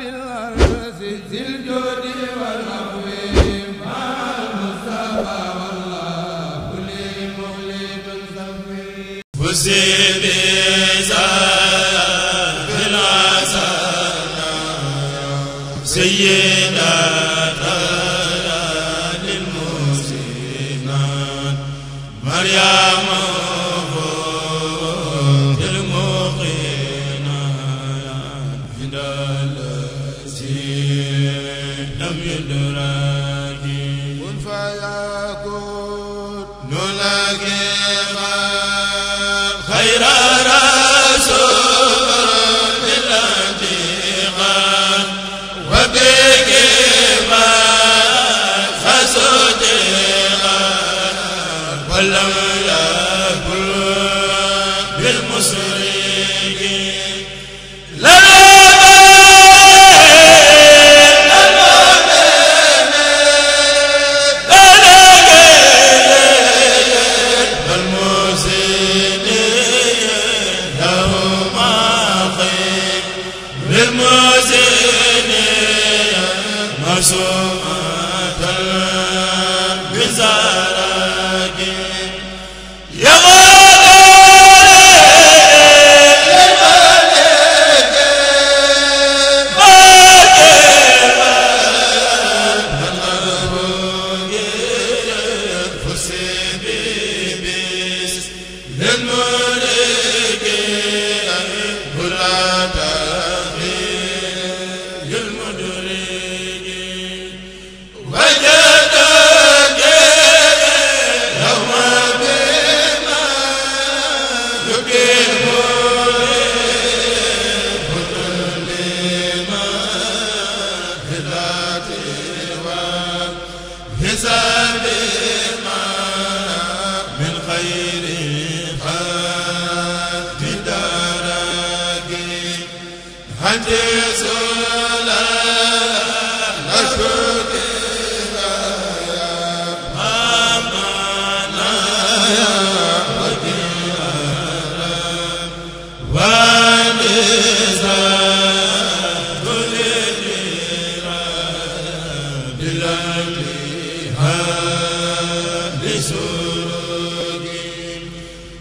Maryam sa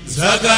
Zaka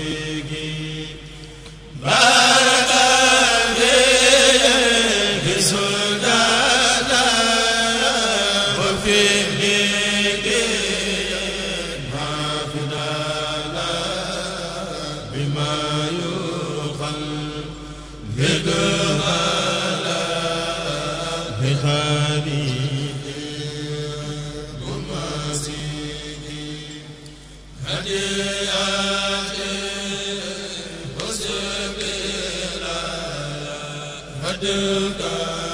dëgg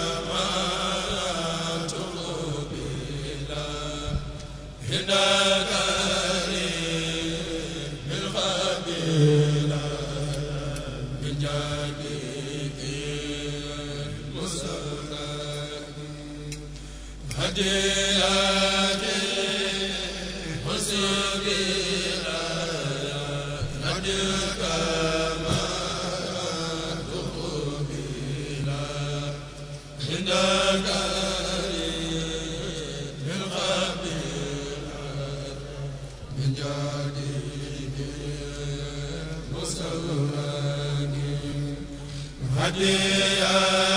hadiya